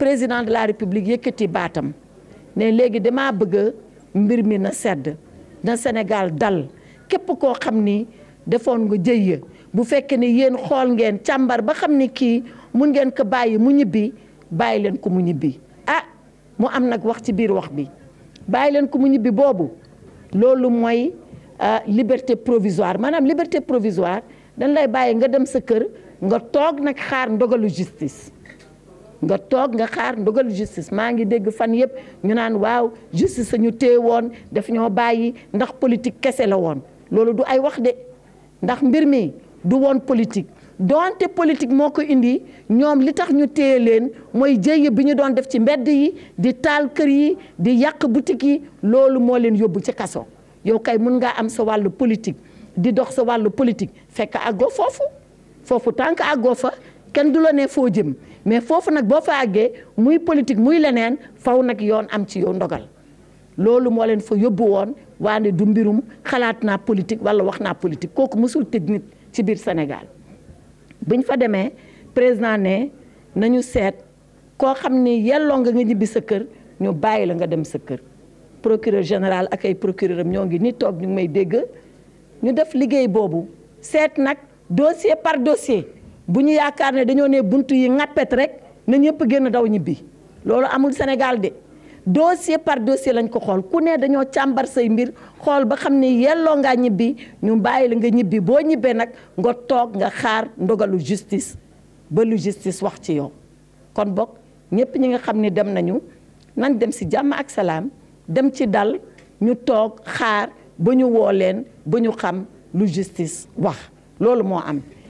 président de la république yëkkati baatam ne léegi damaa bëgg mbir mi na sedd na Sénégal dal képp koo xam ni defoon nga jëyya bu fekkee ne yéen xool ngeen càmbar ba xam ni kii mun ngeen ko bàyyi mu ñibbi bàyyi leen ko mu ñibbi ah mu am nag wax ci biir wax bi bàyyi leen ko mu ñibbi boobu loolu mooy ah, liberté provisoire maanaam liberté provisoire dañ lay bàyyi nga dem sa kër nga toog nag xaar ndogalu justice nga toog nga xaar ndogal justice maa ngi dégg fan yëpp ñu naan waaw justice ñu téye woon daf ñoo bàyyi ndax politique kese la woon loolu du ay wax de ndax mbir mi du woon politique donte politique moo ko indi ñoom li tax ñu téye leen mooy jéye bi ñu doon def ci mbedd yi di taal kër yi di yàq boutique yi loolu moo leen yóbbu ci kaso yow kay mun ngaa am sa wàllu politique di dox sa wàllu politique fekk àggoo foofu foofu tànk àggoo fa kenn du la ne foo jëm mais foofu nag boo fa àggee muy politique muy leneen faw nag yoon am ci yow ndogal loolu moo leen fa yóbbu woon waane du mbirum xalaat naa politique walla wax naa politique kooku mësul tëj nit ci biir senegal buñ fa demee président ne nañu seet koo xam ni yelloo nga nga ñibbi sa kër ñu bàyyi la nga dem sa kër procureur général ak ay procureur am ñoo ngi ni toog ñu ngi may dégg ñu def liggéey boobu seet nag dossier par dossier bu ñu yaakaar ne dañoo ne bunt yi ŋàppet rek na ñëpp génn daw ñibbi loolu amul Sénégal de dossier par dossier lañ ko xool ku ne dañoo càmbar say mbir xool ba xam ne yelloo ngaa ñibbi ñu bàyyi la nga ñibbi boo ñibbee nag nga toog nga xaar ndogalu justice ba lu justice wax ci yow kon bokk ñëpp ñi nga xam ni dem nañu nañ dem si jàmm ak salaam dem ci dal ñu toog xaar ba ñu woo leen ba ñu xam lu justice wax loolu moo am.